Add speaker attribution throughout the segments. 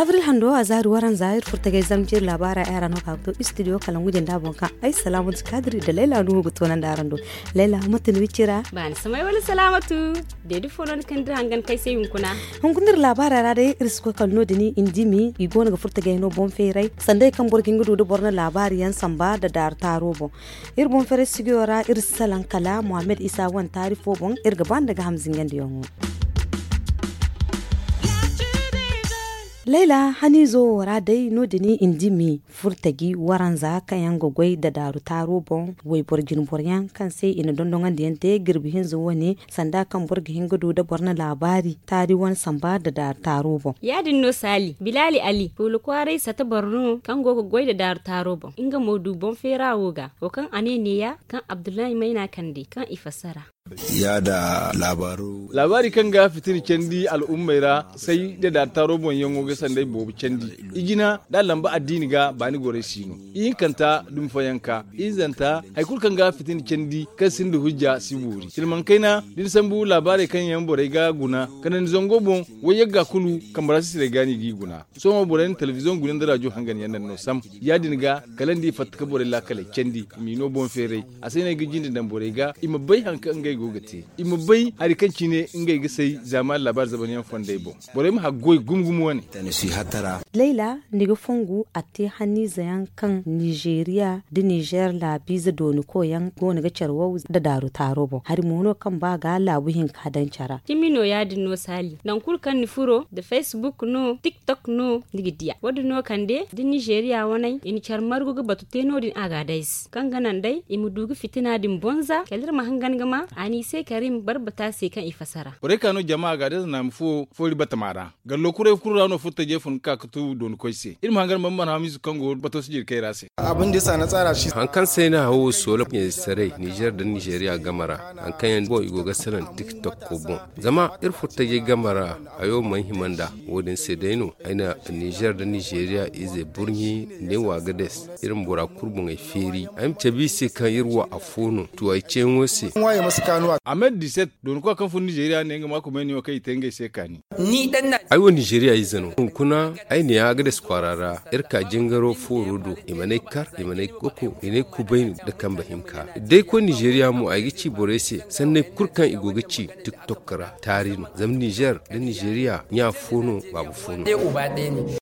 Speaker 1: avril hando azar waran zahir furtagay zamjir labara eran hokagto studio dabon ka ay salamatu kadri da laila nuhugu tonan darando laila matin wichira
Speaker 2: ban samay wala salamatu dedi folon kandir hangan kai sai yunkuna
Speaker 1: labara rade risko kalno dini indimi igona ga furtagay no bon ferai sandai kan borgin borna labari yan samba da dar tarobo ir bon ferai ir salan kala muhammad isa wan tarifo bon ir gaban daga hamzin laila hani zo wara dai nodini indi mi furtagi waranza yango gwai da daru taro bon wai borgin boryan kan sai ina dondongan da yanta girbihin zo wani sanda kan borgihin gudu da borna labari tari wan samba da daru taro bon
Speaker 2: yadin no sali bilali ali pulu kwarai ta borno kan gogo gwai da daru taro bon inga modu bon fera woga o kan ane ne ya kan abdullahi maina kande kan ifasara
Speaker 3: ya da labaru labari kan ga fitin candi al'ummaira sai da da taro mun yango ga sandai bobu candi. igina da lamba addini ga bani gore sino in kanta dum fayanka in zanta ai kul kan ga fitin candi kan sindu hujja siburi tilman kaina din sambu labari kan yan bore ga guna kanan zongo bon waye ga kulu kamar barasi da gani gi guna so mo bore television gunin da rajo hangan yan no sam ya ga kalandi fatka bore la kala candi mino bon fere asai ne gijin da bore ga imabai hankan ngai gogati ima bai hari kanci ne ngai gisai zama labar zaban yan fonda ibo bore mu hagoi gumgumu wani
Speaker 1: laila niga fongu ate hani zayan kan nigeria da niger la biza doni ko yan gona ga charwau da daru taro bo hari mono kan ba ga labuhin kadan cara kimino
Speaker 2: ya no sali nan kulkan ni furo da facebook no tiktok no ndigi dia wadu no kande di nigeria wanai in char margo ga batuteno din agadais kan ganan dai imu dugu fitina din bonza kelir mahangan gama ani sai karim barbata se kan ifasara
Speaker 3: Kure kanu jama'a ga des nam fu fori batamara gallo kure kuru rano futa jefun ka kutu don koise irin hangar mamman hamisu kango bato su ira rase
Speaker 4: abin da sa na tsara shi an kan sai na hawo solo ne sare niger da nigeria gamara an kan yan boy goga sanan tiktok ko bon zama ir futa je gamara ayo man himanda wodin sai daino aina niger da nigeria ize burni ne wa gades irin bura kurbun ai feri am tabi sai kan irwa afono to ai chenwose
Speaker 3: waye masa kanuwa ahmed diset don ko kan fun nigeria ne ngama ko meni o kai tenge se kani ni dan na
Speaker 4: ai wo nigeria yi zano kuna ai ne ya ga da skwarara irka jingaro forudo imanai kar imanai koko ine kubain da kan bahimka dai ko nigeria mu ai gici borese sanne kurkan igogici tiktok kara tarino zam niger da nigeria nya funo babu ne.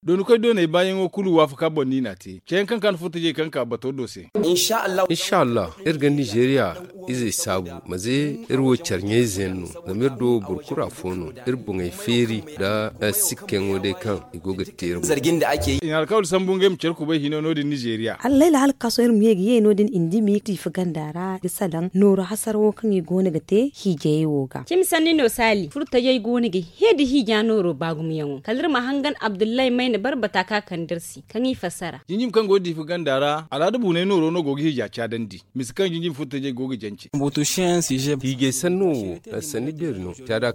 Speaker 3: don ko done bayan okulu kulu wa fuka bonni na te ken kan kan futuje kan ka bato dose
Speaker 4: insha allah insha allah irgan nigeria izi sabu maze irwo charnye zenu zamir do burkura fono ir buŋay feri da na sikkeŋo de kan igoga termo zargin da ake yi in
Speaker 3: alkawul sambungem cerku bai hino nodin nigeria
Speaker 1: allai la so ir yegi ye din indi mi ti fagandara gisadan noro hasaro kan i gona gate hije woga kim
Speaker 2: sanni no sali furta yai gona ge hedi hija noro bagum yango kalir mahangan abdullahi ne barbata ka dirsi kan yi fasara
Speaker 3: jinjim kan godi fagandara aladu bune noro no gogi hija cadandi miskan jinjim furta je gogi jan
Speaker 4: je. hige sanno sani birno tada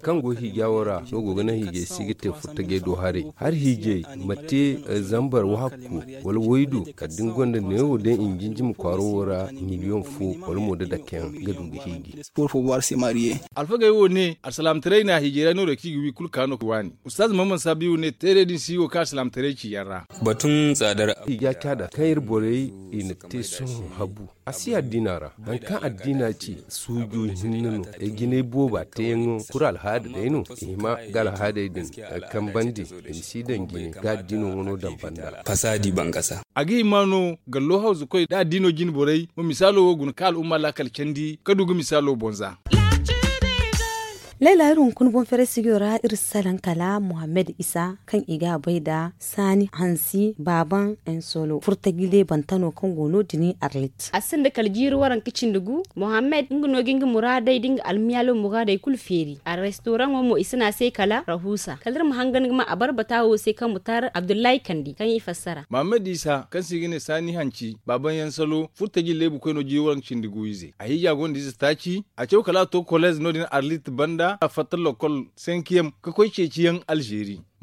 Speaker 4: wara. No nogoga na hige sigite futage do hare har hige mate zambar wakku. wal woydu kadin da newo den injinjim kwaro wara. miliyon fu wal moda da ken gadu hige. Por fo war si marie.
Speaker 3: alfa ga woni salam tere na ra no reki wi kul kano kwani ustaz mamman sabiu ne tere din siwo ka salam tere ki yara
Speaker 4: batun tsadar ya kada kayir borei in te sun habu asi dinara an kan adina ci suju hinnunu e gine boba ta yengu kura alhada da yinu ima ga hada idin e kan bandi e in si dan gine ga dino wano dan banda fasadi ban kasa
Speaker 3: a agi imano ga hausu kai da dino jin borai ma misalo wogun kal lakal kendi dugu misalo bonza
Speaker 1: laila irin kun bon fere sigiyora irisalan kala muhammad isa kan iga bai da sani hansi baban en solo furta gile bantano kan gono dini arlit
Speaker 2: asin da kaljiru waran kicin dugu muhammed ngino gingi muradai dinga almiyalo mugadai kul feri a restoran wa mu isina sai kala rahusa kalir mu hangan ma a barbata wo sai kan mutar abdullahi kandi kan yi fassara
Speaker 3: muhammed isa kan sigine sani hanci baban yan solo furta gile bu kweno jiwaran kicin dugu yize yi jagon dizi taci a cewa kala to college nodin arlit banda a fatar lokal sen kiyam ka kwai ce ciyan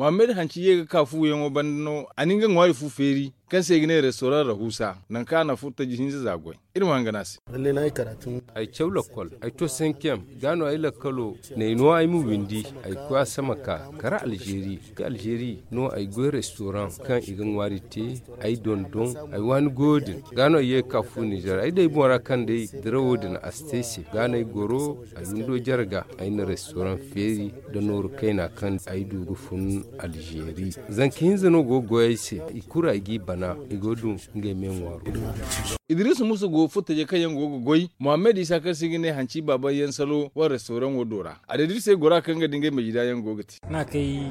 Speaker 3: Muhammad hanci yega ka fu yengo bandano aninga ngwari fu feri kan sai gine restaurant rahusa nan ka na futa jihin zagoi irin wanga nasi lalle
Speaker 4: na yi karatu ai kyau lokol
Speaker 3: ai to san kyam gano ai lokalo
Speaker 4: na ino ai mu windi ai kwa sama ka kara algeri ka algeri no ai go restaurant kan igan te ai don don ai wani godin gano ai kafu ni jar ai dai bora kan dai na astesi gano ai goro ai ndo jarga ai na restaurant feri da noru kaina kan ai dugu funu. algeri zan kinzino go goyse
Speaker 3: ikura igi bana igodun ngemen idris musu go futa je kayan gogo goi muhammed isa kan ne hanci baban yan salo wa restoran wa dora a da dirse gora kan ga dingai mai gidayen yan gogati na kai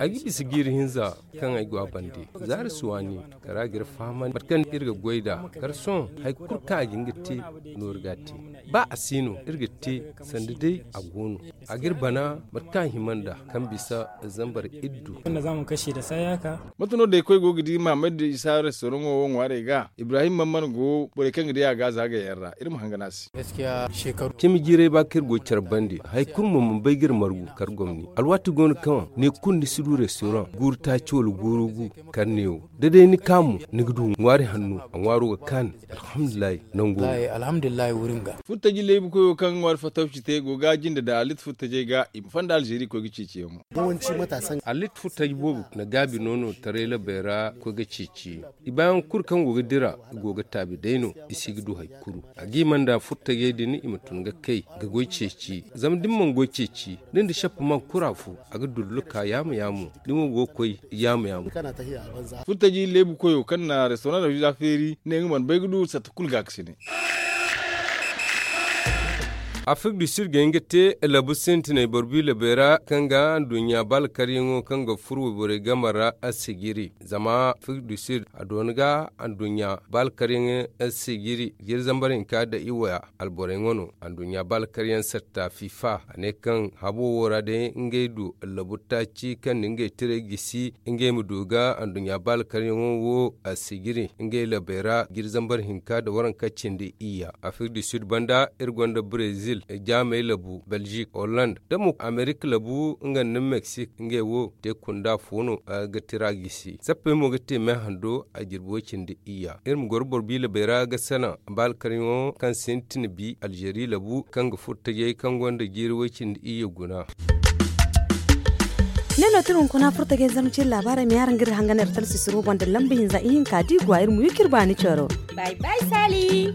Speaker 3: a gibi giri hinza kan ai go abande zar
Speaker 4: suwani kara gir faman barkan irga goida garson hay kurka gingati norgati ba asino irgati sandide a gono a girbana barkan
Speaker 3: himanda kan bisa zambar iddu wanda zamu kashe da sayaka mutuno da kai gogidi muhammed isa restoran wa won ware ga ibrahim mamman go wo bore kan ya ga zaga yarra irin hangana si gaskiya
Speaker 4: shekaru kimi jire ba kir go bande hay kun mun bai girmar margu kar gomni alwatu gon kan ne kun ni sidu restaurant gurta chol gurugu kan ne da dai ni kamu ni gudu ngwari hannu an waro kan alhamdulillah nan go alhamdulillah wurin ga
Speaker 3: futta jile bu ko kan war fatawci te go gajin da da alit futta je ga imfan da aljeri ko gici ce mu yawanci matasan alit futta bobu na gabi nono tare la bera ko
Speaker 4: gici ci ibayan kurkan go dira go tabi deno isigdu haikuru agi manda futta gedi ni imatun ga kai ga goiceci zam dimman goiceci din da shafa man
Speaker 3: kurafu aga dulluka yamu yamu dimo go koi yamu yamu
Speaker 4: kana tahiya banza
Speaker 3: futta ji lebu koyo kana restaurant da feri ne man bai gudu satukul gaksine
Speaker 4: afrique du sud genge te labu sentine borbi labera kanga dunya bal kariŋo kanga furwe bore gamara asigiri zama afrique du sud adoniga an dunya bal kariŋe asigiri gir zambarin ka da iwaya albore ngono an dunya bal kariŋ sarta fifa ane kan habo wora nge du labu tachi kan nge tere gisi nge muduga an dunya bal kariŋo wo asigiri nge lebera gir zambarin ka da waran kacin iya afrique du sud banda irgonda brazil brésil jamai labu belgique hollande damu amerique labu nga nim mexique nge wo te kunda fono ga tiragisi sappe mo ga te hando a jirbo iya irm gorbor bi la bera ga sana bal kan sentin bi algeri labu kan ga futta ye kan gwanda girwo iya guna
Speaker 1: lelo tirun kuna furta ga zanu cin labara mai yaran girin hanganar talsi rubon da lambayin za'ihin kadi gwa mu yukir bani ni coro
Speaker 2: bye bye sali